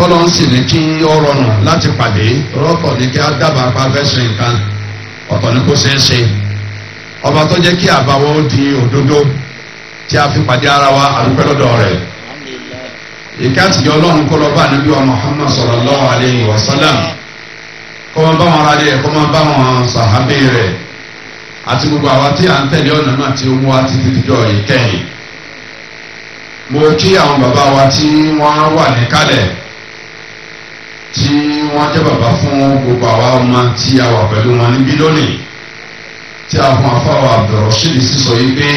tọ́lọ́ sì ní kí ó rọrùn láti pàdé rọ́tọ̀ ní kí á dábàá pa fẹ́ nǹkan ọ̀tọ̀ ní kó ṣe ọba tó jẹ́ kí àbáwọ́ di òdodo tí a fi pàdé ara wa àdúgbò lọ́dọ̀ rẹ̀ ìka ọlọ́run Muhammad wa máa bá wọn ara rẹ̀ máa bá wọn sàhábì rẹ̀ àti gbogbo àwa tí à ń tẹ̀lé ọ̀nà náà tí ó mú wa ti wa tí wọ́n tí wọ́n jẹ́ bàbá fún gbogbo àwa ọmọ tí a wà pẹ̀lú wọn níbí lónìí tí a fún afáwọn Abdulrasheed sísọ yìí pé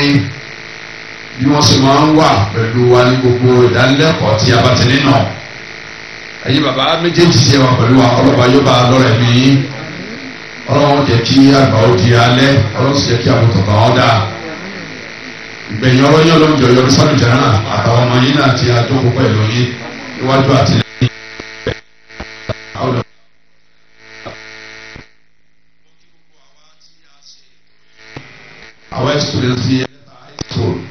bí wọ́n sì máa ń wà pẹ̀lú wa ní gbogbo ìdánilẹ́kọ̀ọ́ tí a bá ti nínà ẹ̀yin bàbá méjèèjì ṣe wà pẹ̀lú wa ọlọ́ba yóò bá a lọ́rẹ̀ mí ọlọ́run jẹ́ kí àgbà ó di alẹ́ ọlọ́run sì jẹ́ kí àwọn tọ̀gbà wọn dáa ìgbẹ̀yìn ọlọ́yìn ọlọ́run lè fi ẹ̀ta iphone.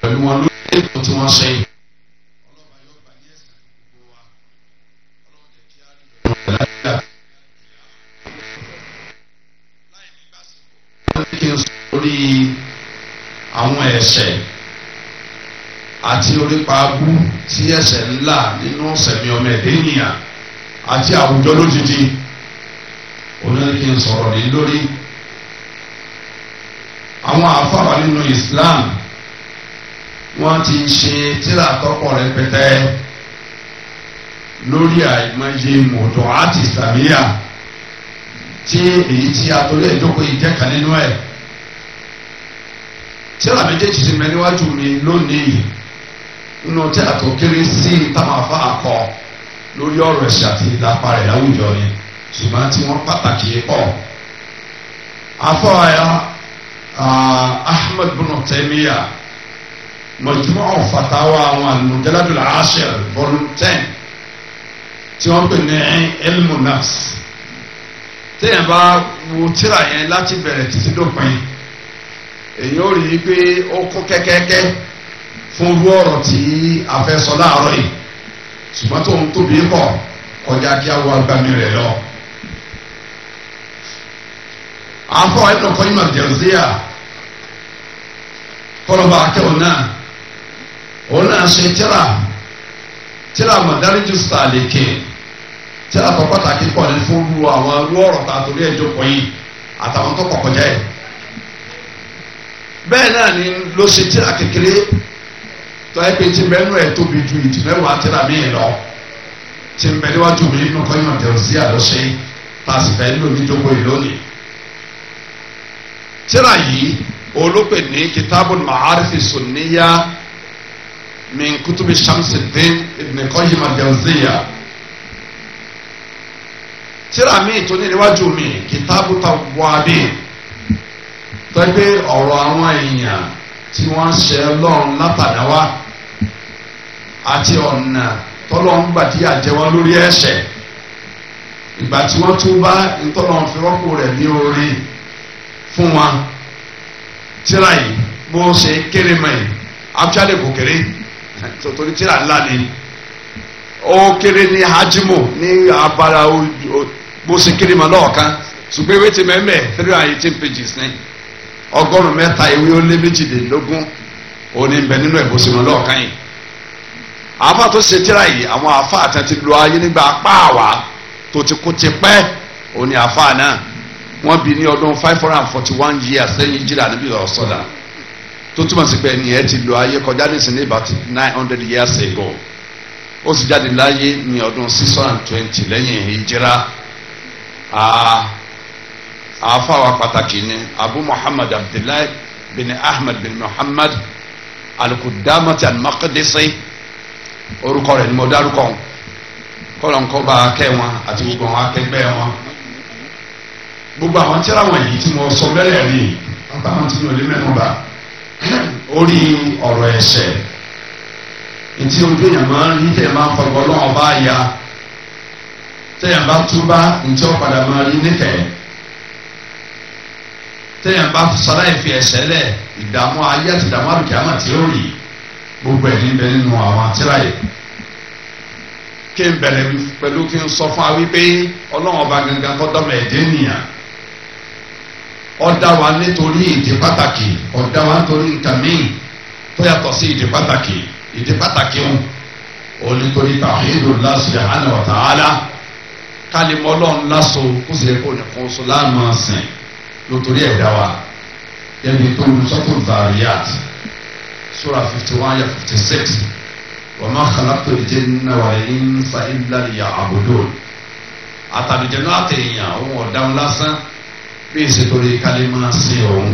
pẹ̀lú wọn lórí ètò tí wọ́n ṣe. àwọn ẹ̀ṣẹ̀ àti orípa abú tí ẹ̀ṣẹ̀ ńlá nínú ọ̀sẹ̀ mi ọmọ ẹ̀dẹ́ ènìyàn àti àwùjọ lójijì oníkin sọ̀rọ̀ lé lórí àwọn àfáwà nínú Islam wọ́n ti ṣe tíra tọ́pọ̀ rẹpẹtẹ lórí àìmọye mọ̀tò àti ìsàmìyà tí èyí tí a torí ẹ̀ jókòó yìí jẹ́ kan nínú ẹ̀ tíra méjèèjì ti mẹ́ níwájú mi lónìí nínú tíra tó kéré sí táwọn afá akọ lórí ọ̀rọ̀ ẹ̀sìn àti ìlàpá rẹ̀ láwùjọ yìí ṣùgbọ́n tí wọ́n pàtàkì pọ̀ afọwọ́yà Ahmed bin Taymiya majmu'u fatawa àwọn al-mujalladul ashir volume ten tí wọ́n pè ní ilmu nafs téèyàn bá wo tíra yẹn láti bẹ̀rẹ̀ títí dópin èyí ó rí i pé ó kó kẹ́kẹ́kẹ́ fún irú ọ̀rọ̀ tí a fẹ́ sọ láàárọ̀ yìí ṣùgbọ́n tóun tóbi kọ̀ kọjá kí a wọ agbami rẹ̀ lọ afọ ẹ lọkọ yìí màdìjẹrìsíyà kọlọba akẹ ọ náà ọ náà ṣe tíra tíra mọdáríjú sàlẹkẹ tíra tó pàtàkì pọ ní fún ru àwọn ru ọ̀rọ̀ tá a torí ẹjọ kọ yìí àtàwọn tó kọ́kọ́ jẹ bẹ́ẹ̀ náà ni ló ṣe tíra kékeré tó ẹ pé tí mẹnu ẹ tóbi ju ìtìmẹwàá tíra míì lọ tí mẹniwájú mi nínú kọyọ màdìjẹrìsíyà lọ ṣe tá a sì fẹ́ lónìí jókòó yìí lónìí tíra yìí olóòpè ní kitabul ma'arifi sunniya min kutubi shamsidin ibn qayyim al-jawziya tíra míì tó ní níwájú mi kitabu tawwabin tẹ́gbẹ́ ọ̀rọ̀ àwọn èèyàn tí wọ́n ṣe lọ́run látàdáwá àti ọ̀nà tọ́lọ́run gbà tí lórí ẹ̀ṣẹ̀ ìgbà tí wọ́n tún bá ntọ́lọ́run fi rọ́pò rẹ̀ ní orí fún wa tíra yìí bó ṣe kéré mọ́ yìí actually kò kéré torí tíra ńlá ni ó kéré ní hajimo ní abala bó ṣe kéré mọ́ lọ́ọ̀kan ṣùgbọ́n ewé ti mẹ́mẹ́ three hundred eighteen pages ní ọgọ́rùn-ún mẹ́ta ewé ó lé méjìlélógún òní ń bẹ nínú ẹ̀ bó ṣe mọ́ lọ́ọ̀kan yìí àáfà tó ṣe tíra yìí àwọn àáfà àti àti lu ayé nígbà apá àwà tó ti kú ti pẹ́ òní àáfà náà wọ́n bí ní ọdún five hundred and forty one years lẹ́yìn ìjìlá níbi ọ̀sọ́dà tó túmọ̀ sí pé ẹnìyẹn ti lo ayé kọjá nísìn ní about nine hundred years ago ó sì jáde láyé ní ọdún six hundred and twenty lẹ́yìn ìjìlá àáfàwà pàtàkì ni abu muhammad abdullahi bin ahmed bin muhammad alukudamati al-maqdisi orúkọ rẹ̀ ni mo dárúkọ kọlọńkọba akẹ wọn àti gbogbo wọn akẹgbẹ́ wọn gbogbo àwọn tíra wọ̀nyí tí mo sọ bẹ́ẹ̀ rí ọba àwọn tí mi ò lè mẹ́nu bá orí ọ̀rọ̀ ẹ̀ṣẹ̀ etí ojú èèyàn máa ń rí tẹ̀ máa ń fọgbọ́ lọ́wọ́ bá ya tẹ̀yàn bá túbá ntí ó padà máa rí níkẹ̀ẹ́ tẹ̀yàn bá sọ́dá ìfi ẹ̀ṣẹ̀ lẹ̀ ìdààmú ayé àti ìdààmú àbùkí àmà tí ó rí gbogbo ẹ̀ níbẹ̀ nínú àwọn àtìrà yìí kí n bẹ̀rẹ̀ pẹ̀lú kí n sọ fún wa wípé ọlọ́wọ́n ọba gangan kọ́ dọ́mọ̀ ẹ̀dẹ́ nìyà ọ̀dá wa nítorí ìdí pàtàkì ọ̀dá wa nítorí nǹkan míì tó yàtọ̀ sí ìdí pàtàkì ìdí pàtàkì ń o nítorí tàhídù subhanahu wa ta'ala kálímọ́ ọlọ́run lásò kó sì yẹ kó nìkan sọ láàmú sìn lótórí ẹ̀dá wa yẹbi tó ń sọ́kùn Zariyat sura fifty one ya fifty six wa ma khalaqtu al-jinna wal-insa illa liya'budun àtàlùjẹ́ náà àtẹ̀yìn àwọn ọ̀daràn lásán bí ìsètòrí kálí máa sí òun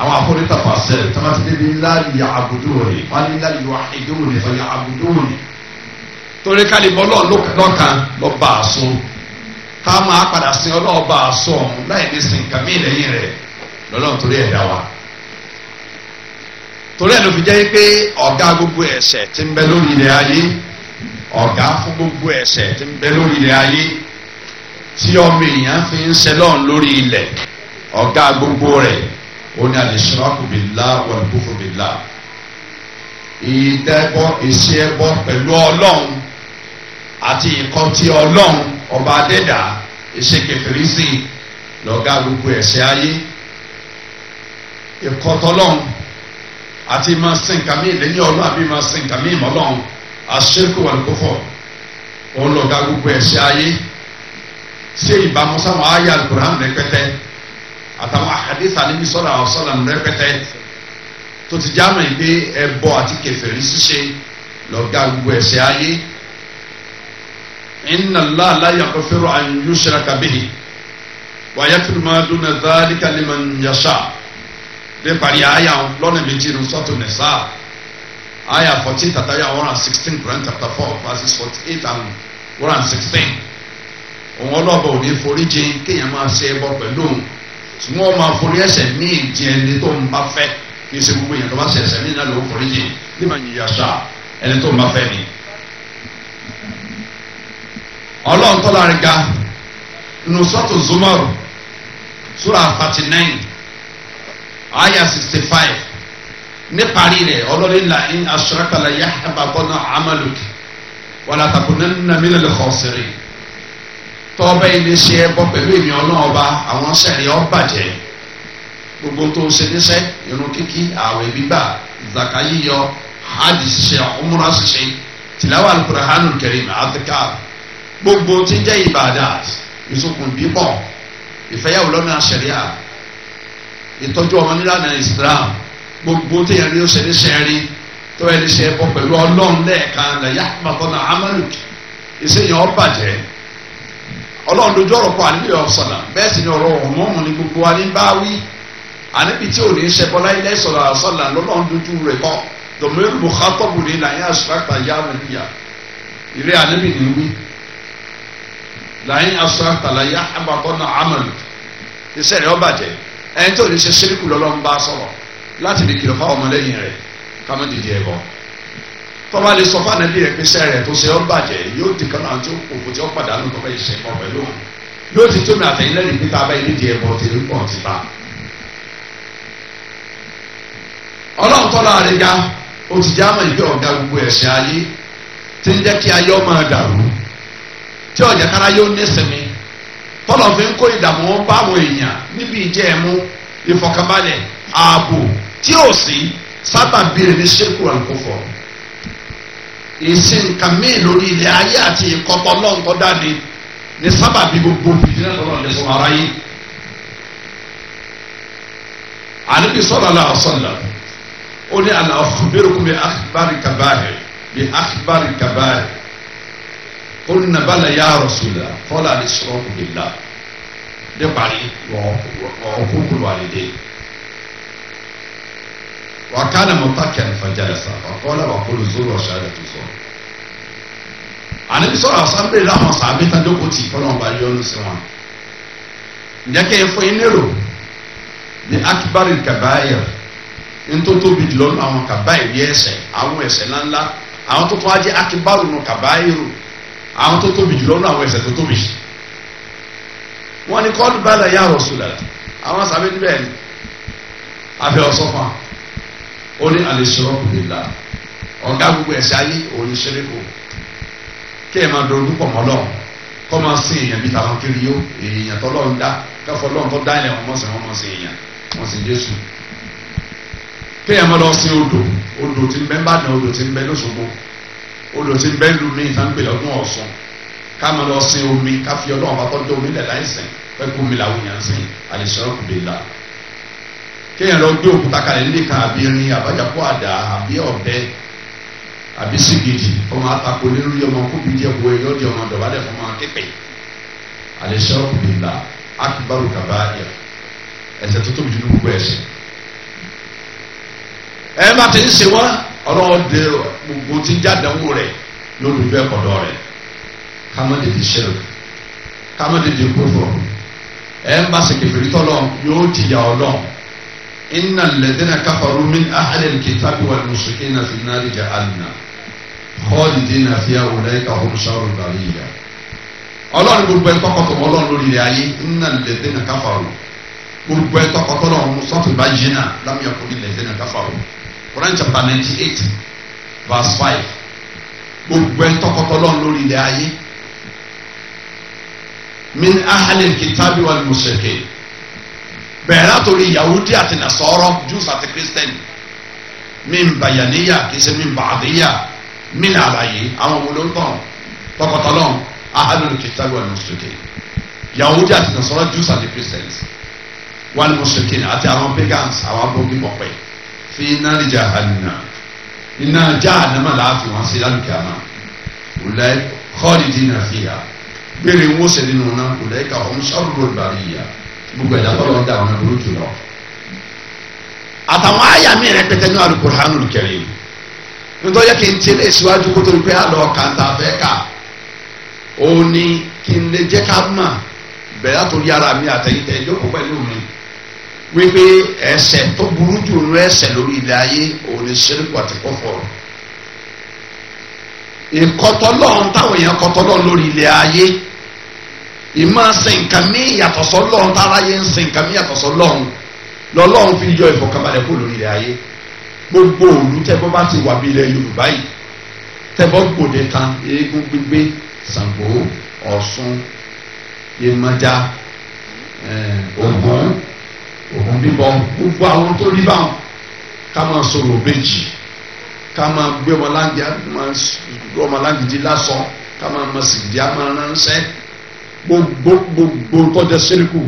àwọn afọ́nítàfà sẹ́ẹ̀ tí wọ́n ti débi láàyè àbùdó rẹ̀ wọ́n ní láàyè wà ìdó rẹ̀ fọyà àbùdó rẹ̀ torí kálí bọ́lọ̀ lọ́kàn lọ́ba àṣọ ká máa padà sin ọlọ́ọ̀ba àṣọ ọ̀hún láì ní sin nǹkan mí lẹ́yìn rẹ̀ lọ́lọ́run torí ẹ̀dá wa torí ẹ̀ ló fi jẹ́ pé ọ̀gá gbogbo ẹ̀ṣẹ̀ ti ń bẹ lórí ilẹ̀ ayé ọ̀gá fún gbogbo ẹ̀ṣẹ̀ ti ń bẹ lórí ilẹ̀ ayé tí ọmọ èèyàn fi ń sẹlọ́n lórí ilẹ̀ ọ̀gá gbogbo rẹ̀ ó ní al-ishraku billah wal-kufru billah ìdẹ́bọ ìṣe ẹbọ pẹ̀lú ọlọ́run àti ìkọtí ọlọ́run ọba adẹ́dà ìṣe kẹfìrí sí lọ́gá gbogbo ẹ̀ṣẹ̀ ayé ìkọtọ́lọ́run àti máa sin kàmí lẹ́yìn ọlọ́run àbí máa sin kàmí ìmọ̀lọ́run àṣekù wal-kufru òun lọ́gá gbogbo ẹ̀ṣẹ̀ ayé ṣe ìbámu sáwọn àyà alukur'an rẹpẹtẹ àtàwọn àkàdéfà níbi sọ̀rọ̀ àwọn sọ̀rọ̀ rẹpẹtẹ tó ti já mọ̀ pé ẹbọ àti kẹfẹ́rí ṣíṣe lọ́gá gbogbo ẹ̀ṣẹ̀ ayé inna Allah la yaghfiru an yushraka bihi wa yaghfiru ma duna dhalika liman yasha lè parí àyà lọ́nà méjì ní sọ́tò nìsa àyà fourteen tàtàyà one and sixteen Quran chapter verses forty eight and one and sixteen òun ọlọ́ba ò ní forí jìn kéèyàn máa ṣe ẹbọ pẹ̀lú òun ṣùgbọ́n ó máa forí ẹ̀ṣẹ̀ míì jìn ẹni tó ń bá fẹ́ kí ṣe gbogbo èèyàn tó bá ṣe ẹ̀ṣẹ̀ míì náà ló ń forí jìn ní màá yìí yàtọ̀ ẹni tó ń bá fẹ́ ni. ọlọ́run tó lára ga nùsọ́tò Zumar sura thirty nine aya sixty five níparí rẹ̀ ọlọ́run là ń aṣọ́rakàlà yàtọ̀ bàbá náà amálùkì wàlàtàkùnrin nàmínà lè kọ́ sẹ́rìn tọ́ba ilé ṣe ẹbọ pẹ̀lú èmi ọlọ́run ọba àwọn sẹ̀rí ọ bàjẹ́ gbogbo tó ṣe níṣẹ́ irun kíkí ààwẹ̀ gbígbà zaka yíyọ hajj ṣiṣẹ́ ọmúra ṣiṣẹ́ tìláwà alukurahánu kẹrin àtìká gbogbo tí jẹ́ ìbàdà ìsokùn bíbọ̀ ìfẹ́yàwó lọ́nà sẹ̀ríà ìtọ́jú ọmọ nílànà Islam gbogbo tí yẹn ní ó ṣe níṣẹ́ rí tọ́ba ilé ṣe pẹ̀lú ọlọ́run lẹ́ẹ̀kan lẹ́yà àmàtọ́nà amálùkì ìṣèyàn ọ ọlọ́run dojú ọ̀rọ̀ kọ àníbi ọ̀sọ̀là bẹ́ẹ̀ sì ni ọ̀rọ̀ ọ̀mọ́ọ̀mọ́ ni gbogbo wa ní bá wí àníbi tí ò ní ṣẹbọ láyé sọ̀rọ̀ àsọ̀là lọ́lọ́run dojú rẹ̀ kọ́ dọ̀mẹ́rù mọ̀kátọ́bù ní làyé àṣùrákà yá mi níyà ìrẹ́ àníbi ní wí làyé àṣùrákà làyé àbàkọ́ náà àmàlù iṣẹ́ rẹ̀ ọ̀bàjẹ́ ẹni tó ní ṣe ṣíríkù lọ́lọ́run bá sọ̀rọ̀ láti lè kìlọ̀ fáwọn tọ́ba lè sọ fún ànábì rẹ̀ pé sẹ́rẹ̀ tó ṣe ọ́ bàjẹ́ yóò di kan náà tó òkú tí ó padànù tọ́ba yìí ṣe kọ́ pẹ̀lú òun yóò ti tó mi àtẹ̀yìn lẹ́yìn pété abẹ́ ilé di ẹ̀bọ̀ tèmi pọ̀ ti bá. ọlọ́run tọ́lá rẹ̀ ga ó ti já mọ̀ ìgbé ọ̀gá gbogbo ẹ̀sìn ayé tí ń jẹ́ kí ayé máa dàrú tí ọ̀jẹ̀ kára yóò nísìmí tọ́lọ̀ fi ń kó ìdààmú bá àwọn èèyàn níbi ìjẹ́ ẹ̀mú ìfọ̀kànbalẹ̀ ààbò tí ò sí sábàbí rẹ̀ ní ṣẹ́kù àkófọ̀ọ́ èsì nǹkan míì lórí ilẹ̀ ayé àti ìkọ́pọ̀ ọlọ́run tó dáde ní sábàbí gbogbo fìdí náà lọ́rọ̀ lẹ́sùn ara yìí. àníbi sọ̀rọ̀ aláwọ̀sọ̀lá ó ní aláwọ̀fúnbẹ́rùkún bí akíbárì kabáyé bí akíbárì kabáyé ó ní nàbàlà yá rọ̀ṣùlá kọ́lá ní sọ̀rọ̀ kùbìlá ní parí ọ̀kúnkùn wà lédè. وكان متكئا فجلس وقال وقل زور وشهادة زور ànábi sọ̀rọ̀ àsámbẹ́rẹ́ láwọn sàbẹ́ tàdókò tì fọlọ́n bá yọnu sí wọn. ǹjẹ́kẹ́ ẹ fún iná rò bí akibari kabaayẹ ntótóbi lọ́nu àwọn kabaayẹ bí ẹsẹ̀ àwọn ẹsẹ̀ ńláńlá àwọn tó tó ajé akibaru nù kabaayẹ rò àwọn tó tóbi lọ́nu àwọn ẹsẹ̀ tó tóbi. wọ́n ní kọ́ọ̀lù bala ya Rasulullah àwọn sàbẹ́ níbẹ̀ ni abẹ́ ọ̀sọ́fà ó ní alẹ́ sọ̀rọ̀ kùnìlá ọ̀gá gbogbo ẹ̀sẹ̀ ayé òun ní sẹ́lẹ̀ kù kí ẹ máa dolú pọ̀ mọ́ lọ́wọ́ kọ́ máa sin èèyàn bíi tàwọn kiri yó èèyàn tó lọ́n dá káfọ́ lọ́n tó dá ilẹ̀ wọn mọ̀ sí wọn mọ̀ sí èèyàn wọn sì Jésù kí ẹ máa lọ sin odò odò tí ń bẹ ńbàdàn odò tí ń bẹ lọ́sọ̀gbọ̀ odò tí ń bẹ lu mí ìtàn pèlè ọdún ọ̀sán ká máa lọ sin omi ká fi ọlọ́run bá tọ́jú omi lẹ̀ láìsìn fẹ́ kó mi làwọn èèyàn sìn àlìsọ́rọ̀ kò lè la kí ẹ lọ gbé òkúta kalẹ̀ nílé kan àbí irin àbájápọ̀ àbí sigidi ọmọ atako lérú yọmọ kóbi jẹ bu ẹ yọdi ọmọ dọba dẹ fọmọ aképe alẹsẹ ọkùnrin la akibaru kaba yẹ ẹsẹ tó tóbi jùlọ gbogbo ẹsẹ ẹ bá ti ń ṣe wọn ọlọ́ọ̀dẹ gbogbo ti ń jádanwó rẹ lólùfẹ́ ọ̀dọ́ rẹ kámẹ́lì ti ṣẹlẹ̀ kámẹ́lì ti kúrò ẹ ń bá sèkèfèrè tọ́lọ̀ yóò ti yà inna alladhina kafaru min ahli alkitabi wal mushrikina fi nari jahannam khalidina fiha ulaika hum sharrul bariyya ọlọ́run gbogbo ẹ tọkọtọ mọ ọlọ́run lórí rẹ̀ ayé nna lẹ́tẹ̀nà káfàró gbogbo ẹ tọkọtọ náà mú sọ́tìbá jìnnà lámìyà kò ní lẹ́tẹ̀nà káfàró Quran chapter ninety eight verse five gbogbo ẹ tọkọtọ ọlọ́run lórí rẹ̀ ayé min ahalil kitabi wal mushrikin bẹ̀rẹ̀ látòrí yahudi àti nasọ́rọ́ jews àti christian min bayaniya kì í ṣe min baadiya min alaye àwọn wolo tán tọkọtọlọ ahadul kitabi wal musrikin yahudi àti nasọ́rọ́ jews àti christians wal musrikin àti àwọn pagans àwọn abogi ọ̀pẹ fi nari jahannam iná jahannama láàfin wọn sí lálùkẹ́ àná wùlẹ̀ khalidina fiha gbére ń wọ́sẹ̀ nínú náà wùlẹ̀ kà ọ́n sharrul bariyya gbogbo ẹ̀dá tọ́lọ̀ ń da àwọn ẹ̀dúró jù lọ. àtàwọn àyà mi rẹ pẹtẹ ní Al-Qur'anul Karim nítorí kí n tiẹ̀ lé síwájú kó torí pé àlọ́ kàńtà fẹ́ kà ó ní kí n lè jẹ́ ká mà bẹ̀rẹ̀ àtòrí ara mi àtẹ̀yìntẹ̀ yóò pẹ̀lú mi wípé ẹ̀ṣẹ̀ tó burú jù nínú ẹ̀ṣẹ̀ lórí ilẹ̀ ayé òun ni ṣẹ́ríkù àti kófòrò ìkọtọlọ́run táwọn èèyàn kọtọlọ́run lórí ilẹ̀ ayé ìmọ̀ sìnkàn mí yàtọ̀ sọ́lọ́run tára yẹ ń sìnkàn mí yàtọ̀ sọ́lọ́run lọ́lọ́run fi yọ ìfọ̀kànbalẹ̀ kó lórí rẹ̀ ayé gbogbo òlu tẹ́gbọ́ bá ti wà bí ilẹ̀ Yorùbá yìí tẹ́gbọ́ gbòde tan eégún gbígbé Ṣàngó Ọ̀ṣun Yemọja eh, Ògún Ògún bíbọ gbogbo àwọn tó rí báwọn ká máa sọ̀rọ̀ bẹ́jì ká máa gbé ọmọláǹdì ọmọláǹdì dí lásán ká máa mọ̀ sí ìdí àmọ́ ránṣẹ́ gbogbo gbogbo tọ́jọ́ síríkù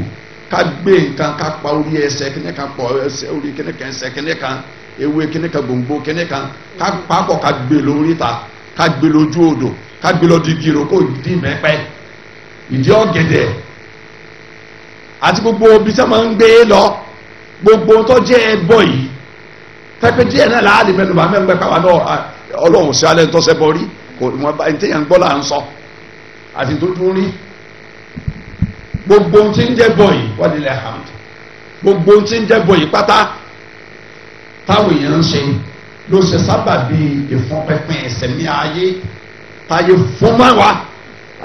ká gbé nǹkan ká pa orí ẹsẹ̀ kíní kan pọ̀ ẹsẹ̀ orí kíní kan ẹsẹ̀ kíní kan ewé kíní kan gbòǹgbò kíní kan ká papọ̀ ká gbé lórí ta ká gbé lójú odò ká gbé lọ di giro kó di mẹ́pẹ́ ìdí ọ̀gẹ̀dẹ̀ àti gbogbo ibi tí wọ́n máa ń gbé lọ gbogbo tọ́jọ́ ẹbọ yìí pẹ́pẹ́ díẹ̀ náà láàlì mẹ́nuba mẹ́nuba pàwọn náà ọlọ́run sí alẹ́ ń tọ́sẹ́ bọ́ rí kò wọ́n bá ẹ̀ ń tẹ̀yàn gbọ́ là ń sọ àti tó dún rí gbogbo ohun tí ń jẹ́ bọ̀ yìí wọ́n nílẹ̀ hàmd gbogbo ohun tí ń jẹ́ bọ̀ yìí pátá táwọn èèyàn ń ṣe ló ṣe sábà bí ìfọ̀pẹ́pẹ́ ẹ̀sẹ̀mí ayé táyé fúnmá wa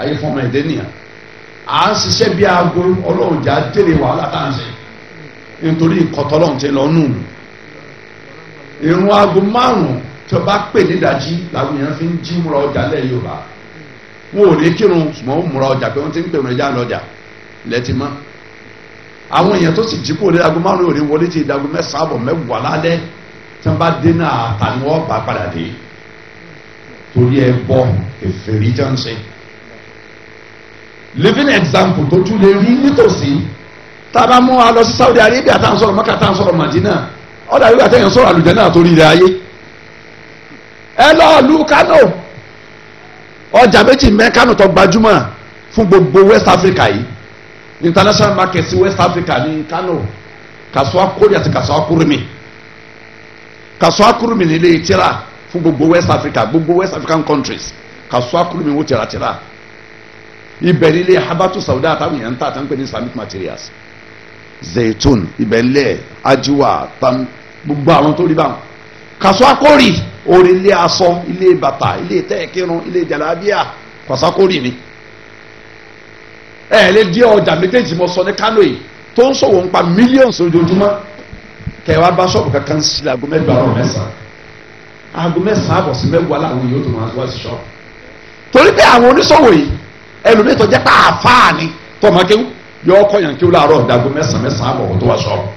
ayé fúnmá ẹ̀dẹ́ nìyà à ń ṣiṣẹ́ bí aago ọlọ́run jà délé wàhálà tá à ń ṣe nítorí ìkọ̀tọ́lọ́run ti lọ nù ìrún aago márùn-ún tí wọ́n bá pè nídàjí làwọn èèyàn fi ń jí múra ọjà lẹ́yìn yorùbá wọn ò ní kírun ṣùgbọ́n múra ọjà pé wọ́n ti ń pè wọn ẹja lọ́jà lẹ́tí mọ́ àwọn èèyàn tó sì jí kó lé aago márùn òde wọlé ti dago mẹ́sàn-án àbọ̀ mẹ́wàá lálẹ́ tí wọ́n bá dé náà ta ni wọ́n bá padà dé torí ẹ bọ́ èfèrí tí wọ́n ń ṣe. living example tó tún lè rí nítòsí tábà mú wa lọ sí Saudi Arabia tá à ń sọ̀rọ̀ Maka tá à ń sọ̀rọ̀ Madina ọ̀dà yóò àtẹ̀yìn sọ̀rọ̀ àlùjẹ́ náà torí rẹ̀ ayé ẹ lọ lu Kano ọjà méjì mẹ́ Kano tó gbajúmọ̀ fún gbogbo West Africa yìí international market sí west africa ní kano kasuwa kori àti kasuwa kurumi kasuwa kurumi ni ilé tira fún gbogbo west africa gbogbo west african countries kasuwa kurumi wó tira tira ibẹ̀ nílé habatu sauda àtàwọn èèyàn ń ta àtàwọn pẹ̀lú islamic materials zaitun ibẹ̀ nílẹ̀ ajiwa tam gbogbo àwọn tó rí báwọn kasuwa kori orí ilé aṣọ ilé bàtà ilé tẹ́ẹ̀kírun ilé jalabiya kasuwa kori ni ẹ lè di ọjà méjèèjì mo sọ ní Kánò yìí tó ń sọ̀wọ́ nípa mílíọ̀nù lójoojúmọ́ kẹwàá bá ṣọ́ọ̀bù kankan sí aago mẹ́jọ àárọ̀ mẹ́sàn-án aago mẹ́sàn-án àbọ̀ sí mẹ́wàá làwọn yóò tó máa wá sí ṣọ́ọ̀bù torí pé àwọn oníṣòwò yìí ẹlòmíì tó jẹ́ pé àáfàá ni tọ́mọ kéwú yọ ọkọ yàn kéwú láàárọ̀ dàgbò mẹ́sàn-án mẹ́sàn-án àbọ̀ tó wá ṣọ́ọ̀bù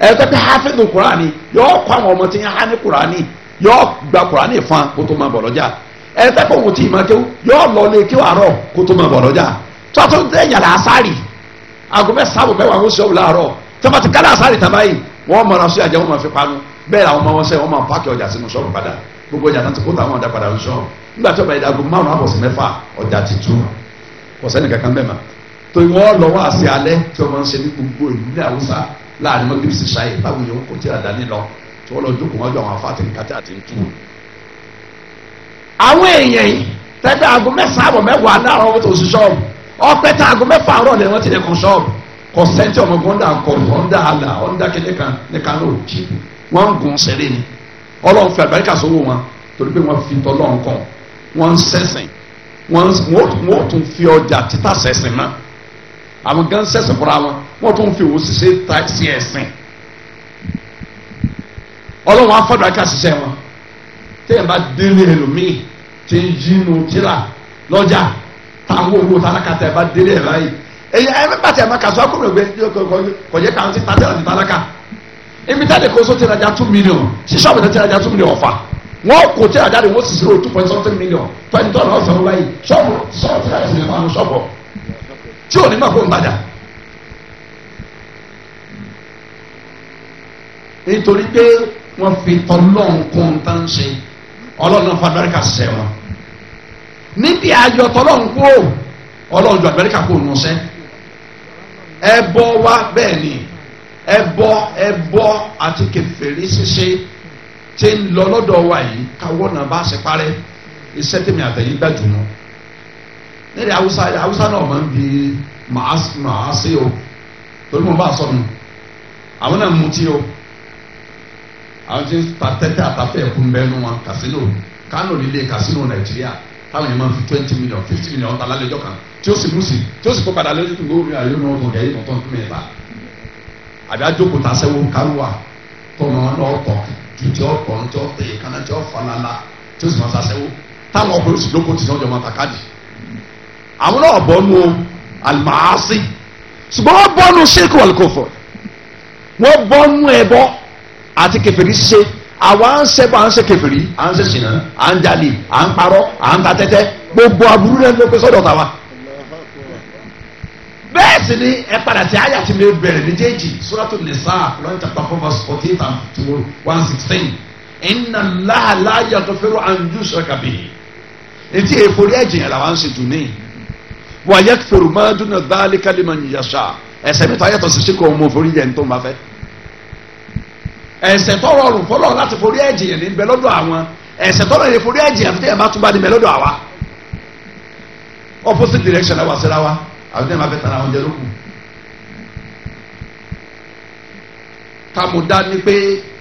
ẹ tó pé hafidu kurani yọ ọkọ àwọn ọmọ tí ń ha ní kurani yọ gba kurani tọ́tọ́ ẹ̀yàn làásàrì aago mẹ́sàbò mẹ́wàá ń sọ́ọ̀ láàárọ̀ tọ́ba ti kálá àsàrì tàbá yìí wọ́n mọ ara sí àjẹ́ wọn máa fi panu bẹ́ẹ̀ làwọn ọmọ wọn sẹ́ wọ́n máa páàkì ọjà sínú sọ́ọ̀rù padà gbogbo ọjà náà ti kó táwọn ọ̀dà padà ń sọ́ọ̀ nígbà tí ọba yìí dago márùn àbọ̀sí mẹ́fà ọjà ti tú kọ̀sẹ́nì kankan bẹ́ẹ̀ ma tó wọ́n lọ wá sí alẹ́ tí wọ́n máa ń ṣe ní gbogbo ìlú Haúsá láàrin mọ́gírì sí sáyé báwo yẹn kò tí a dání lọ tí wọ́n lọ jókòó wájú àwọn afá tẹ̀lé kátà àti ntú. àwọn èèyàn yìí tẹ́tẹ́ aago mẹ́sàn-án àbọ̀ mẹ́wàá láàárọ̀ wọ́n tó ṣiṣọ́ ọpẹ tá aago mẹ́fà àárọ̀ lẹ wọn ti lè kàn ṣọ́ọ̀bù kò sẹńtì ọmọ gbọǹda kọ ọǹda àlà ọǹda kẹlẹ kan ní kan ló jí wọn ń gun sẹrẹ ni Ọlọ́run fẹ àbáríkà sówó wọn torí pé wọn fi tọlọ́run kàn wọn ń sẹsìn wọn ò tún fi ọjà títà sẹsìn náà àwọn gan sẹsìn fúnra wọn wọn tún fi òwò ṣiṣẹ́ ta sí ẹsìn Ọlọ́run á fàbíríkà ṣiṣẹ́ wọn téèyàn bá délé ẹlòmíì tí ń yínú tíra lọ́jà táwọn owó tálákàtà ẹ bá délé ẹ báyìí ẹyẹ ẹ bá tẹ ẹ má kàṣọ akọrọ ẹgbẹ kọjá kàn sí tàtẹ àti tálákà ibi táde kò so ti rajà two million ṣíṣọ́ àbẹ̀tẹ̀ ti rajà two million ọ̀fà wọn kò tí rajà de wọn sì zero two point something million twenty dollar ọ̀sán wáyé ṣọ́ọ̀bù ṣọ́ọ̀bù ti rajà sinimá nu ṣọ́ọ̀bù tí ò ní má kó n bàjá. nítorí pé wọ́n fi tọ́lọ́ọ̀kùn tán ṣe ọlọ́run náà fàdúrà kà sẹ́wọ̀n. níbi ayọ̀ tọ́lọ́run kú ò ọlọ́run ju àgbẹ̀ríkà kú òun sẹ́ ẹbọ wa bẹ́ẹ̀ ni ẹbọ ẹbọ àti kẹfẹ́rí ṣíṣe ti ń lọ lọ́dọ̀ wa yìí káwọ́ náà bá ṣe parẹ́ iṣẹ́ gbà jù mọ́ o torí mo bá o àwọn tí ta tẹ́tẹ́ àtàfẹ́ ẹ̀kú ń wọn kánò líle táwọn èèyàn máa fi twenty million fifty million ọ̀tà lálẹ́jọ́ kan tí ó sì mú sí tí ó sì kó padà lórí tó lórí àyọ̀nà ọ̀tọ̀ kẹ̀yìn tó tán fún ẹ̀ta àbí ajókòó ta sẹ́wọ́ kárùwà tọ̀nà ọ̀tọ̀ ju tí ọ̀tọ̀ ní tí ọ̀tẹ̀ kaná tí ọ̀fọ̀nàlà tí ó sì máa sàṣẹ́wọ́ táwọn ọkùnrin sì lóko tì náà jọ máa ta káàdì àwọn náà bọ́ nu àlùmáàsì ṣùgbọ́n wọ́n bọ́ nu ṣéèkù àlùkòfò wọ́n bọ́ nu ẹ̀bọ àti kẹfẹ́rí ṣiṣẹ́ àwa ń sẹ́bọ̀ à ń ṣe kèfèrí à ń ṣe sìnà à ń jalè à ń parọ́ à ń ta tẹ́tẹ́ gbogbo aburú rẹ̀ ló pé sọ́dọ̀ tàwa. bẹ́ẹ̀ sì ni ẹ padà sí àyà tí mi bẹ̀rẹ̀ méjèèjì suratul Nisa lọ́yìn chapter four verse forty eight and two one sixteen inna Allaha la yaghfiru an yushraka bihi etí èèfòrí ẹ̀jìn yẹn làwọn ń ṣe dùn ní wa yaghfiru ma duna dhalika liman yasha ẹ̀ṣẹ̀ mi tó ayẹ́tọ̀ sí ẹ̀ṣẹ̀ tó rọrùn fọlọ láti forí ẹ̀jẹ̀ yẹn ní bẹ lọ́dọ̀ àwọn ẹ̀ṣẹ̀ tó rọrùn yẹn forí ẹ̀jẹ̀ yẹn fi tẹyẹ bá tún bá ní bẹ lọ́dọ̀ àwa opposite direction àwa síra wa àwọn tẹyẹ máa fẹ́ tara àwọn jẹ lókun. kámúdá ni pé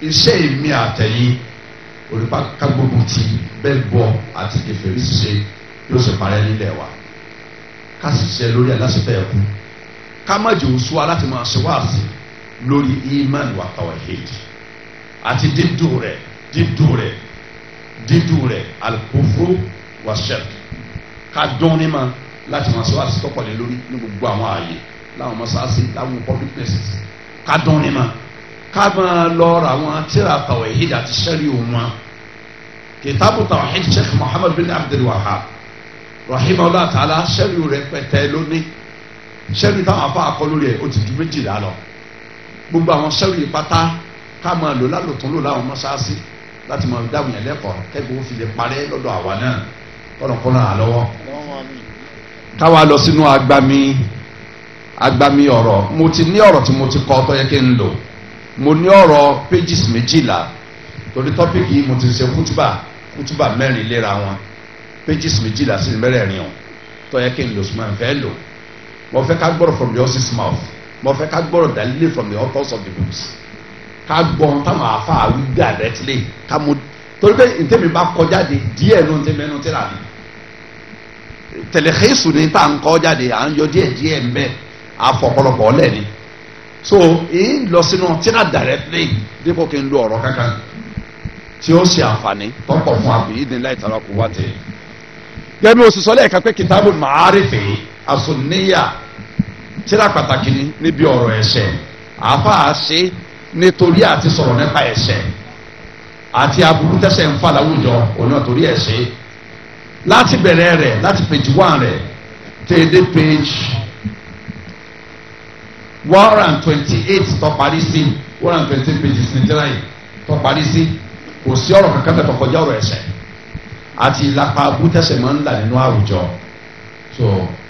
iṣẹ́ èmi àtẹ̀yìn olùpá kágbógun ti bẹ́ẹ̀ bọ̀ àti kẹfẹ́rí ṣiṣẹ́ yóò ṣe parẹ́ nílẹ̀ wa ká sì ṣe lórí aláṣẹfẹ́ ẹ̀kú ká má jòwó sùn aláti máa ṣe wáàsí lórí iman wa tawhid àti dídùn rẹ̀ dídùn rẹ̀ dídùn rẹ̀ alikofuru wa shirk ká dọ́ọ̀ni ma láti máa sọ àti tọkọlẹ̀ lórí ní gbogbo àwọn ààyè láwọn mọ́sáàsì láwọn public places ká dọ́ọ̀ni ma ká máa lọ ra àwọn tíra tawhid àti sẹ́rí òun wa kìtàbù tawhid sheikh muhammad bin abdul wahab rahimahullah ta'ala sẹ́rí rẹ̀ pẹ̀tẹ́ lónìí sẹ́rí táwọn afọ àkọlù rẹ̀ ó ti ju méjìlá lọ gbogbo àwọn sẹ́rí pátá ká máa lò lálòtún lò láwọn mọ́ṣáláṣí láti máa dáhùn yẹn lẹ́kọ̀ọ́ kẹ́kọ̀ọ́ fi lè parẹ́ lọ́dọ̀ àwa náà kọ́nà àlọ́wọ́. káwa lọ sínú agbami agbami ọ̀rọ̀ mo ti ní ọ̀rọ̀ tí mo ti kọ́ tó kí n lò mo ní ọ̀rọ̀ pages méjìlá torí tọ́pìkì mo ti ṣe kútùbà kútùbà mẹ́rin léra wọn pages méjìlá sí mẹ́rẹ̀ẹ̀rin o tó kí n lò sùnmọ́ ẹ̀ lò mo fẹ́ ká gbọ́rọ̀ from the horse's mouth mo fẹ́ ká gbọ́rọ̀ dalili from the authors of ká gbọ́n táwọn àáfàá wí directly ká mú torí pé ntẹ́mi bá kọ jáde díẹ̀ ló ń tẹ́ mẹ́nu tẹ́lá mi tẹlẹkẹ́sù ni tá à ń kọ jáde à ń yọ díẹ̀ díẹ̀ ń bẹ́ àfọ̀pọ̀lọpọ̀ lẹ́ni so ń lọ sínú tírà directly dípò kí n lo ọ̀rọ̀ kankan tí ó ṣe àǹfààní tọkọ̀ fún àbíyí ní láì tara kó wá tẹ̀. gẹ́gẹ́ bí o sì sọ lẹ́ẹ̀kan pé kìtàbù màárìfì àsùnníyà tírà pàtàkì ni níbi ọ̀rọ̀ ẹ̀ṣẹ̀ àáfàá ṣe nítorí àti sọ̀rọ̀ nípa ẹ̀ṣẹ̀ àti aburú tẹ́ṣẹ̀ ń fà láwùjọ òun náà torí ẹ̀ṣẹ̀ láti bẹ̀rẹ̀ rẹ̀ láti page one rẹ̀ tẹ̀lé page one hundred and twenty eight tó parí sí one hundred and twenty pages ní jẹ́rà yìí tó parí sí kò sí ọ̀rọ̀ kankan bẹ̀ tó kọjá ọ̀rọ̀ ẹ̀ṣẹ̀ àti ìlàpá aburú tẹ́ṣẹ̀ máa ń là nínú àwùjọ so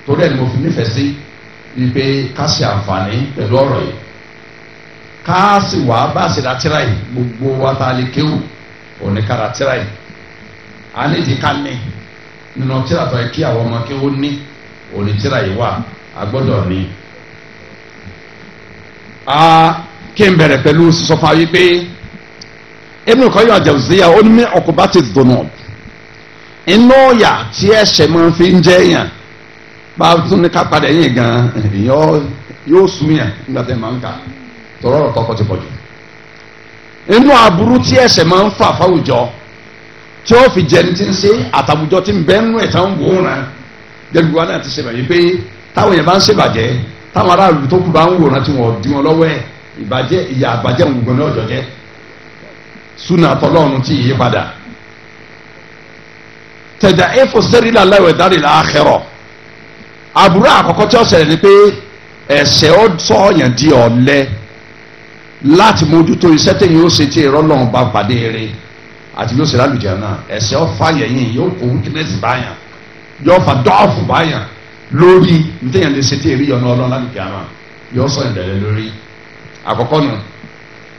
torí ẹ̀ ni mo fi nífẹ̀ẹ́ sí wípé ká ṣe àǹfààní pẹ̀lú ọ̀rọ̀ yìí ká wá bá gbogbo wa ta lè kéwù òní kára yìí a lè ká ní nínú tíra tó kí àwọn ọmọ ní òní yìí wà a gbọ́dọ̀ ní. a kí n bẹ̀rẹ̀ pẹ̀lú sísọ fún ayé pé Ibn Qayyim al-Jawziyya ó ní iná fi ń jẹ́ yàn bá a tún gan yóò sún yàn nígbà tọrọ ọ̀rọ̀ tọkọ ti pọ̀jù inú aburú tí ẹsẹ̀ máa ń fà fáwùjọ tí ó fi jẹni tí ń ṣe àtàwùjọ tí ń bẹ nínú ẹ̀ tán wò ó ràn jẹ́gbẹ́ wa náà ti ṣe bàjẹ́ pé táwọn èèyàn bá ń ṣe bàjẹ́ táwọn aráàlú tó kù bá ń wòran tí wọ́n di wọn lọ́wọ́ ẹ̀ ìbàjẹ́ ìyà àbàjẹ́ òun gbọ́n náà jọjẹ́ súnà tọlọ́run tí yìí padà tẹ̀dà éfò sẹ́rílà láwẹ̀ dárì láàkẹ́rọ̀ àbúrò àkọ́kọ́ tí ó ṣẹlẹ̀ ni pé ẹ̀ṣẹ̀ ó sọ ọ̀yàn di ọ̀lẹ láti mójútó iṣẹ́ tẹ̀yìn ó ṣe tí èrò ọlọ́run bá pàdé rẹ̀ àti bí ṣe lálùjá náà ẹ̀sẹ̀ ọ̀fà yẹ̀yìn yóò kó wíkínẹ́sì báyà yóò fa dọ́ọ̀fù báyà lórí ntẹ̀yìn lè ṣe tí èrè yọ̀nà ọlọ́run lálùjá náà yóò sọ ìdẹ̀lẹ̀ lórí àkọ́kọ́ nù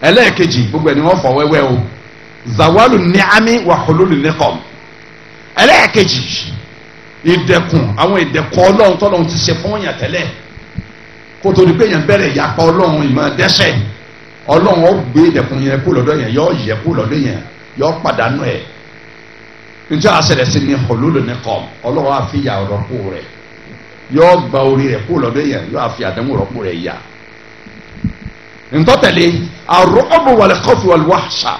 ẹlẹ́ẹ̀kejì gbogbo ẹni wọ́n fọ wẹ́wẹ́ o zawalu ni'ami wa hululu niqam ẹlẹ́ẹ̀kejì ìdẹ̀kùn àwọn ìdẹ̀kùn ọlọ́run tọ́lọ́run ti ṣe fún yàn tẹ́lẹ̀ kótó ni ọlọ́run ó gbé ìdẹ̀kùn yẹn kó lọ́dọ̀ yẹn yọ yẹ kó lọ́dọ̀ yẹn yọ pàdánù ẹ̀ nítorí àṣẹlẹ̀ sí ni ọlọ́run ní kọ́ ọlọ́run á fi ìyà rọ́pò rẹ̀ yọ gba orí rẹ̀ kó lọ́dọ̀ yẹn yọ á fi àdánwò rọ́pò rẹ̀ yà ntọ́tẹ̀lé àrùn ọ̀bùn wàlẹ̀ kọ́fù wàlẹ̀ wàṣà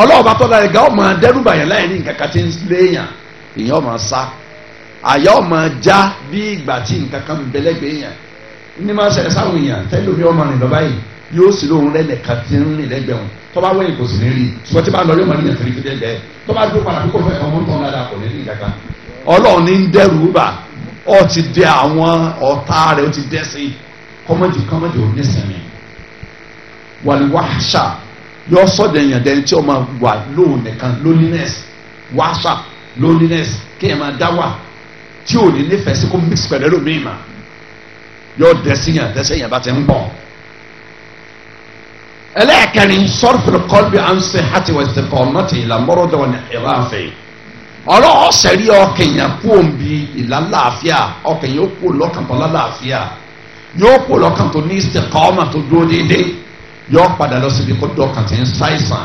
ọlọ́ọ̀bá tọ́lá yẹn gà ọmọ dẹ́rùbà yẹn láyé ní nǹkan tí nǹkan yóò sì lóhun rẹ nìkan tí ń rìn lẹ́gbẹ̀ẹ́ wọn tọ́ba wẹ̀yìn kò sì ní rí ṣùgbọ́n tí bá lọ yóò máa níyàn kiri kiri lẹ́gbẹ̀ẹ́ tọ́ba dúró padà kó fẹ́ ọmọ tó ń dáadáa kò ní rí ìjàkà. ọlọ́run ní ń dẹ́rù bà ọ ti dẹ àwọn ọ̀tá rẹ̀ ó ti dẹ́ sí kọ́mọ́dì kọ́mọ́dì ò ní sẹ́mi. wàlúwàṣà yọ sọ́dọ̀ èèyàn dẹni tí ó máa wà lóhun nìkan loneliness wàṣà loneliness kéèyàn máa dá wà tí ò ní nífẹ̀ẹ́ sí kó mix pẹ̀lú ẹlòmíì mà yọ dẹ́sí yàn dẹ́sẹ̀ yàn bá ti ń bọ̀ ẹlẹ́ẹ̀kẹrin sọ́rfìlì kọ́lbì ànsẹ̀ àti wẹ̀sẹ̀ kọ́mọ́tì ìlàmọ́rọ́dọ̀ ní ìráfẹ́ ọlọ́wọ́ sẹ́rí ọkẹ̀yìn kú òǹbí ìlàláàfíà ọkẹ̀yìn kú lọ́kàn tó lálàáfíà yóò kú lọ́kàn tó ní ìsìnkọ́mà tó dúró déédéé yóò padà lọ síbi kó dọ́kàn tí ń ṣàìsàn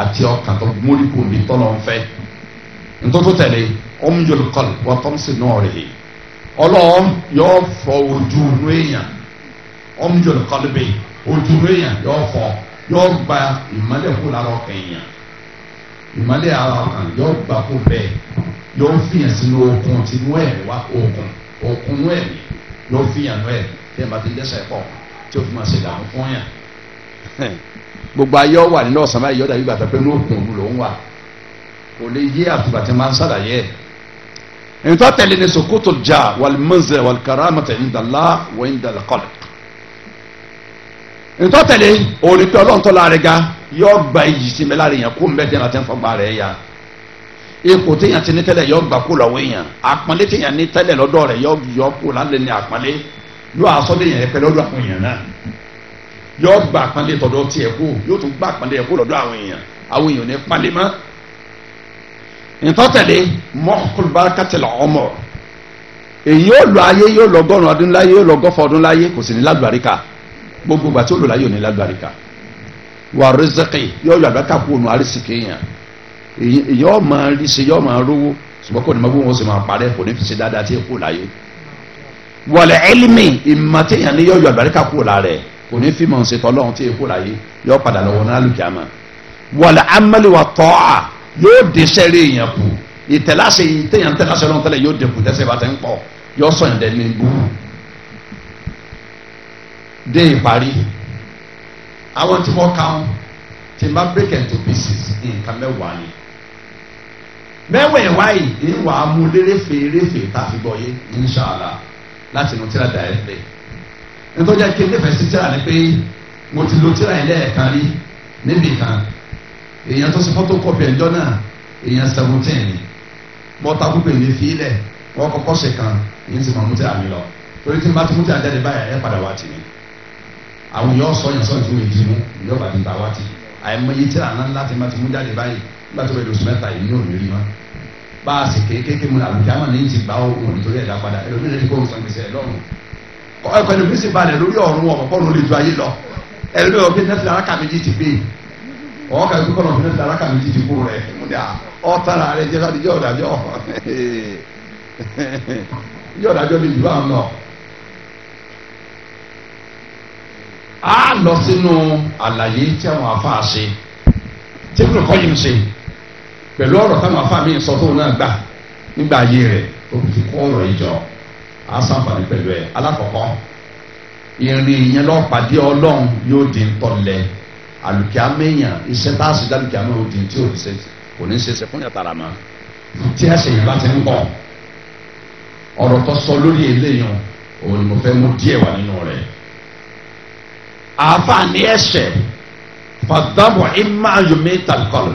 àti ọkàn tó mórí kú òǹbí tọ́lọ́ ń fẹ́ ntótó tẹ̀lé ọmúyọ̀lù òdùrú èèyàn yọ fọ́ yọ gba ìmọ́lẹ̀ kó lára ọkàn èèyàn ìmọ́lẹ̀ ara ọkàn yọ gba kó bẹ́ẹ̀ yọ fìyàn sínú okun tinú ẹ̀ wá okun okun nú ẹ̀ yọ fìyàn nú ẹ̀ tí ẹ̀ bá ti dẹ́sẹ̀ pọ̀ tí o fi máa ṣe dààmú fún yàn gbogbo ayé wà nínú ọ̀sán báyìí yọ̀dà yìí gbàtà pé ní òkun òru ló ń wà kò lè yé àtùgbà tí máa ń sàlàyé ẹ̀ nítorí tẹ̀lé ní sokoto jà wàlí mọ́nsẹ̀ wàlí karamata indala wà indala kọ́lẹ̀ ntọ́tẹ̀lé òrìpẹ́ ọlọ́ntọ́lá rẹ̀ ga yọ gba iyì sí mi lára èèyàn kó mbẹ́ tẹ́lẹ̀ àti nfọ̀gbà rẹ̀ yá ipò téèyàn ti ní tẹ́lẹ̀ yọ gbà kó lọ́wọ́ èèyàn àpọ́nlé téèyàn ní tẹ́lẹ̀ lọ́dọ̀ rẹ̀ yọ yọ kó lálẹ́ ní àpọ́nlé yọ asọ́dẹ̀yàn ẹ̀pẹ́ lọ́dọ̀ àwọn èèyàn náà yọ gba àpọ́nlé tọ̀dọ̀ tiẹ̀ kó yóò tún gba àpọ́nlé ẹ̀kó lọ́dọ̀ àwọn èèyàn àwọn èèyàn ní pálí mọ́ ntọ́tẹ̀lé mọ́kùlùbárakàtẹ̀lẹ̀ ọmọ èyí yóò lọ ayé yóò lọ gọ́rùn-ún ọdún láyé yóò lọ gọ́fọ̀ ọdún láyé kò sì ní lálùbáríkà gbogbo gbàtí ó lò láyò ní lágbàríkà wà rẹ́sẹ̀kì yóò yọ àgbàkà kú ònà àrísìkì yẹn yóò máa rí ṣe yóò máa rówó ṣùgbọ́n kò ní ma bó wọn sì máa parẹ́ kò ní fi ṣe dáadáa tí kò láyò wọlé ẹlímì ìmọ̀tẹ́yàn ni yóò yọ àgbàríkà kú ònà rẹ̀ kò ní fi mọ̀ ṣe tọ́lọ́run tí kò láyè yóò padà lọ́wọ́ náà lùkìámà amẹ́lẹ́wà tọ́à yóò dé sẹ́rí èèyàn dé ìparí àwọn tí wọ́n kàn tí máa break into pieces nǹkan mẹ́wàá ni mẹ́wẹ̀ẹ̀wá yìí ń wà á mú léreferefe tá a fi gbọ́ yé inṣàlá láti inú tíra dàrẹ́ pé nítorí kí n nífẹ̀ẹ́ sí tíra ni pé mo ti lo tíra yìí lẹ́ẹ̀kan rí níbì kan èèyàn tó ṣe photocopy ẹ̀jọ́ náà èèyàn seventeen ni bọ́tà púpẹ̀ ní fílẹ̀ wọ́n kọ́kọ́ ṣe kan èyí ti mọ̀ mú tíra mi lọ torí tí n bá ti mú tíra jáde báyà ẹ̀ padà wá tì mí àwọn èèyàn sọ yẹn sọyìn fún èdè mú yóò bá ti ta wá ti àìmọye tí àná ńlá ti máa ti mú jáde báyìí nígbà tó bẹ̀rẹ̀ oṣù mẹ́ta yìí ní òní rí ma bá a sì kéékèèké mu àbùkí àmọ́ ní ti gbà òun nítorí ẹ̀dá padà ẹlòmíràn ti kó òun sàgbèsè ẹ̀ lọ́rùn ọkọ̀ ẹni bí sì balẹ̀ lórí ọ̀run ọ̀pọ̀ ló lè ju ayé lọ ẹlòmíràn ọ̀gbìn nẹ́tìlá arákà méjì ti gbé ọ̀ọ́kà ẹ̀kú kọ́nà ọ̀gbìn nẹ́tìlá arákà méjì ti kú rẹ̀ múdà ọ̀tara rẹ̀ jẹ́ sádìjọ́ ọ̀dàjọ́ yọ̀ọ̀dàjọ́ lè ju àwọn náà a lọ sínú àlàyé tí àwọn afa ṣe tí kò kọ́ yìí ṣe pẹ̀lú ọ̀rọ̀ táwọn afa mi sọ fún un náà gbà nígbà ayé rẹ̀ ó fi kó ọ̀rọ̀ yìí jọ a sàǹfààní pẹ̀lú ẹ̀ alákọ̀ọ́kọ́ ìrìn yẹn lọ́ọ́ pàdé ọlọ́run yóò di ntọ́lẹ̀ alùkìámẹ́yàn iṣẹ́ tá a sì dá alùkìámẹ́yàn ó di tí ò ní ṣe kò ní ṣe ṣe fún yàtàrà mọ́ tí ẹsẹ̀ yìí bá ti ń bọ̀ ọ̀rọ̀ tó sọ lórí eléyàn òun ni mo fẹ́ mú díẹ̀ wà nínú rẹ̀ àáfàá ní ẹ̀ṣẹ̀ fàdámù ìmá yomi tàlùkọlù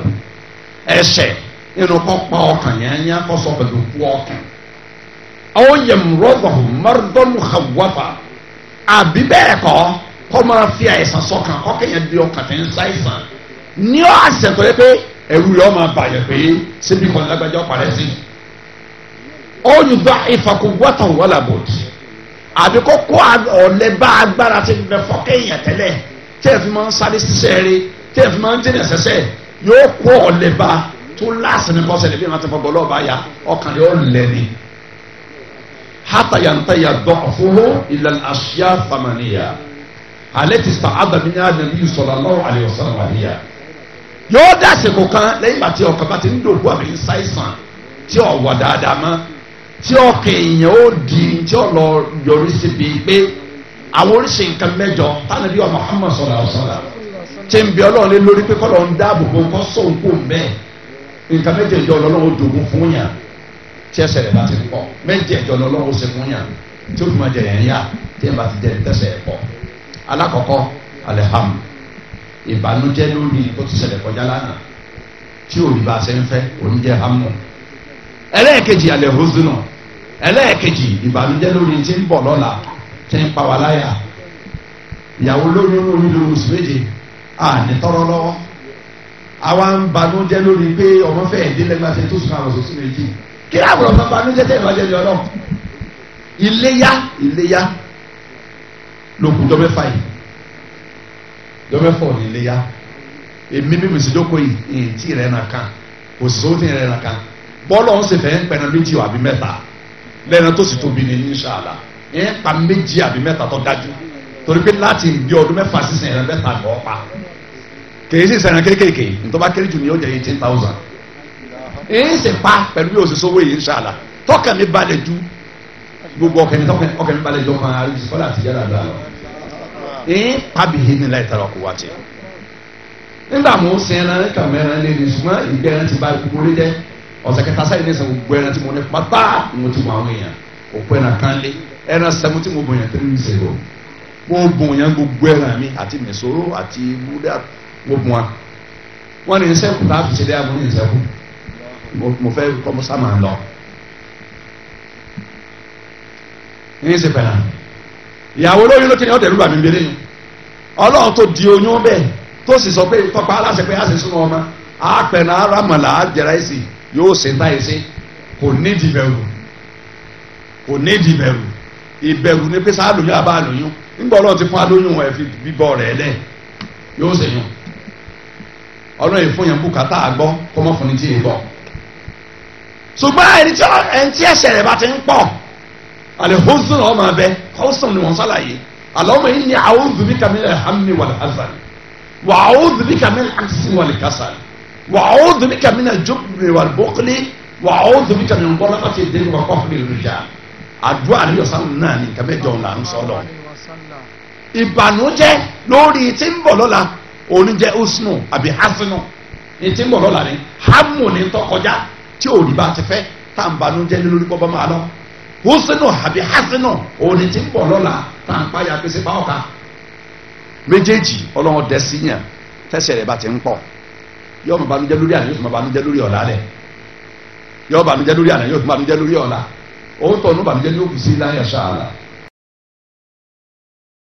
ẹ̀ṣẹ̀ nínú kọ́ pa ọkàn yẹn yẹn kọ́ sọ pẹ̀lú kú ọkàn àwọn yẹn rọ́bọ̀ mọ́rọ́dọ́nù hàwọ́fà àbí bẹ́ẹ̀ kọ́ kọ́ máa fi àìsàn sọkàn ọkàn yẹn di ọkàn tẹ̀ ń ṣàìsàn ní ọ́ àṣẹ tó yẹ pé ẹ̀rù yẹn ọmọ àbàyẹ̀ pé síbi kan lágbàjọ́ parẹ́ sí i ó yùgbà ìfàkùn wọ́tà wọ́là bòtì àbí kó kó ọ̀lẹ bá agbára ti bẹ fọ́kẹ́ èèyàn tẹ́lẹ̀ tẹ́ẹ̀ fi máa ń sáré sísẹ́ rẹ tẹ́ẹ̀ fi máa ń jìnà sẹ́sẹ́ yóò kó ọ̀lẹ bá tó láàsì ní kọ́sẹ̀ níbi ìrántí fọgbọ́ lọ́ọ̀bá ya ọkàn yóò lẹ̀ ni. hátàyàntà yà dọ̀ fúnwó ìlànà àṣìyá famaniya alẹ́ ti sà ábàmíyá nàbí sallallahu alaihi wasallam wàlíyà. yóò dá àsìkò kan lẹ́yìn bàtí ọkàn tí ọkàn èèyàn ó di tí ó lọ yọrí síbi pé àwọn oríṣi nǹkan mẹ́jọ tánàbí wa Muhammad sallallahu alaihi wasallam tí ń bẹ ọlọ́run lé lórí pé kọ́lọ́ ń dáàbò bò kọ́ sóun kò bẹ́ẹ̀ nǹkan mẹ́jẹ̀ẹ̀jọ ọlọ́run ó dogun fún yàn tí ẹsẹ̀ rẹ̀ bá ti pọ̀ mẹ́jẹ̀ẹ̀jọ ọlọ́run ó ṣe fún yàn tí ó fi máa jẹ yẹn yá tí ẹ bá ti jẹ tẹsẹ̀ ẹ̀ pọ̀ alákọ̀ọ́kọ́ alẹ́hàmù ìbànújẹ́ lórí tó ti ṣẹlẹ̀ kọjá lánàá tí òrìbà ṣe ń fẹ́ oníjẹ́ hàmù ẹlẹ́ẹ̀kejì alẹ́ hosùnà ẹlẹ́ẹ̀kejì ìbànújẹ́ lórí ti ń bọ̀ lọ́la ti ń pa wá láyà ìyàwó lórí orí lórí oṣù méje àní tọrọ lọ́wọ́ àwa ń banújẹ́ lórí pé ọmọ fẹ́ẹ́ délẹ̀ tó sùn àwọn oṣù méjì kí láàbùrọ̀ fún banújẹ́ tẹ́ ìbàjẹ́ ni ọlọ́ iléyá iléyá lókun jọ mẹ́fà yìí jọ mẹ́fà ò ní iléyá èmi mímu ìsìndókò yìí èyí tí rẹ̀ nà kan òṣìṣẹ́ ó ti rẹ̀ nà kan bọ́ọ̀lù ọ̀hún sì fẹ́ pẹ̀lú méjì wàbí mẹ́ta lẹ́ran tó sì tóbi ní inṣàlá ń pa méjì àbí mẹ́ta tó dájú torí pé láti ìdí ọdún mẹ́fà sísìn ẹ̀rẹ́ mẹ́ta lọ́ pa kèé sì sẹ̀rẹ̀ kéékèèké nítorí kéré jù ní ó jẹ́ eighteen thousand ń sì pa pẹ̀lú bí òṣìṣẹ́ owó yìí inṣàlá tọ́kàn mi balẹ̀ ju gbogbo ọkàn mi tọ́kàn mi balẹ̀ ju ọkàn àríjì fọlá àtijọ́ dàda lọ ń pa bìhí ní láì tara ọkọ̀ wá tiẹ̀ nígbà mo sẹ́ran kàmẹ́ran lè ní ṣùgbọ́n ìgbẹ́ran ti ba ìkúkúrú jẹ́ ọ̀sẹ̀ kẹta sáyẹn ní sẹ́wọ̀n gbogbo ẹran tí mo ní pátá mo ti mọ àwọn èèyàn òpó ẹran kan lé ẹran sẹ́mu tí mo bọ̀yàn tẹ́lẹ̀ ń zèrò mo bọ̀yàn gbogbo ẹran mi ati mẹ̀sọ́rọ́ àti búdà mo bọ̀ wọn. wọ́n ní sẹ́kù tá a fi ṣẹlẹ̀ àbúrò ní sẹ́kù mo fẹ́ kọ́ mo sá máa lọ. ní ṣe pẹ̀lá ìyàwó olóyún ló kéde ọ̀dẹ̀rú bàmí bẹ́ẹ̀ lẹ́yìn ọlọ́run tó di oyún bẹ́ẹ̀ tó sì sọ pé tọ́pa aláṣẹ pé a sì súnmọ́ ọmọ àpẹ̀nà aramọ̀là àjẹrà ẹ̀sìn yóò ṣe báyìí ṣe kò nídìí bẹ̀rù kò nídìí bẹ̀rù ìbẹ̀rù ni pé sáà lóyún àbá lóyún nígbà ọlọ́run ti fún alóyún ẹ̀ fi bíbọ̀ rẹ̀ lẹ̀ yóò ṣe yún ọlọ́run yìí fún yẹn bùkátà àgbọ́ kọ́mọ́ fún ní tí ì bọ̀ ṣùgbọ́n ẹni tí ẹni rẹ̀ bá ti ń pọ̀ àlẹ́ hósùn ọmọ abẹ hósùn ni wọ́n ṣàlàyé àlọ́ ọmọ yìí ni àwọn òbí kàmí ẹ̀ hàmì wàlẹ̀ hazard wà àwọn òbí وأعوذ بك من الجبن والبخل وأعوذ بك من غلبة الدين وكفر الرجال àdúrà ní ọ̀sán náà ní nǹkan mẹ́jọ là ń sọ lọ. ìbànújẹ́ lórí tí ń bọ̀ lọ́la òní jẹ́ usnu àbí hasinu ní tí ń bọ̀ lọ́la ni hamu ní tọkọjá tí òní bá ti fẹ́ tá ń banújẹ́ ní lórí bọ́bá máa lọ. usnu àbí hasinu òní tí ń bọ̀ lọ́la tá ń páyà pèsè báwọ̀ ká. méjèèjì ọlọ́run dẹ̀ yàn tẹ́sẹ̀ rẹ̀ bá ti ń pọ̀ yóò máa banújẹ́ lórí àná yóò tún máa banújẹ́ lórí ọ̀la rẹ̀ yóò banújẹ́ lórí àná yóò tún banújẹ́ lórí ọ̀la òun tọ̀ ní banújẹ́ ní òkú sí láyà sáà